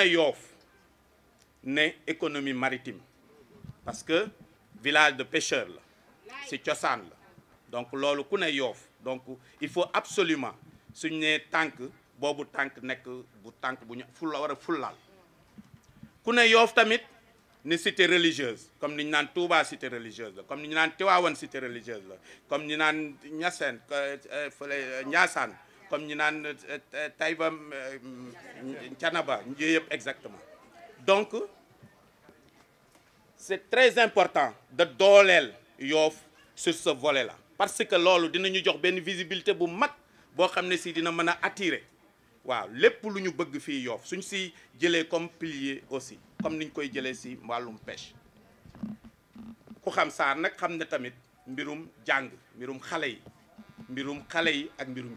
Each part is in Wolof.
a yoof économie maritime parce que village de pêcheurs c'est si donc loolu ku ne donc il faut absolument suñ tank tànk bobu tànk nekk bu tank bu ñu fulla war a ku ne yoof tamit ni cité religieuse comme ni nane Touba cité religieuse comme ni nane naan cité religieuse comme ni nane Niassène euh, fele euh, Niassane comme ñu naan euh, euh, euh, Taïba Thiénaba exactement donc c'est très important de dooleel Yoff sur ce volet là parce que loolu dinañu jox benn visibilité bu mag boo xam ne si dina mën attirer waaw lépp lu bëgg fii Yoff suñ si jëlee comme pilier aussi comme niñ koy jëlee si wàllum pêche ku xam s'arrête, nag xam ne tamit mbirum jang, mbirum xale yi mbirum xale yi ak mbirum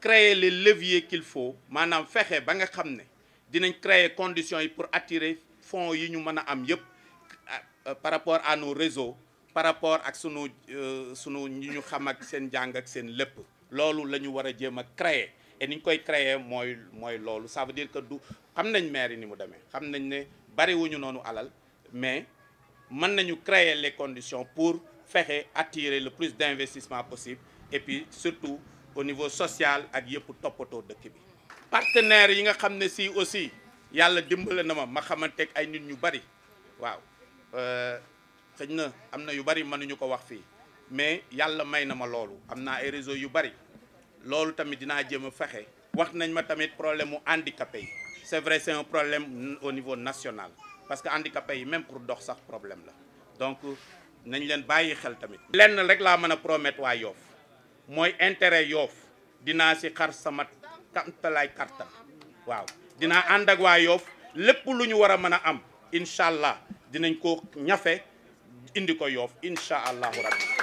créer les leviers qu'il faut manam fexé ba nga xamné dinañ créer conditions pour attirer fonds yi ñu mëna am yépp euh, par rapport à nos réseaux par rapport ak sunu euh, sunu ñi ñu xam ak seen jang ak seen lepp lolu lañu wara war a créer et niñ koy créer moy moy lolu ça veut dire que du xam nañ maire ni mu démé xam nañ bari wuñu nonu alal mais man nañu créer les conditions pour fexé attirer le plus d'investissement possible et puis surtout au niveau social ak yëpp topoto dëkk bi partenaires yi nga xam si aussi yàlla dimbale na ma ma xamanteeg ay nit ñu bari waaw euh, na am yu bari mais Yalla ma ay réseau yu bari loolu tamit dinaa a fexe wax nañ ma problème handicapé c'est vrai c'est un problème au niveau national parce que handicapé même pour dox sax problème donc nañ leen bàyyi xel tamit lenn rek laa mën a mooy intérêt yoof dinaa si xar sama kamtalaay kartam waaw dinaa ànd ak waa yoof lépp lu ñu war a mën a am incha allah dinañ ko ñafe indi ko yoof incha allahu rabbi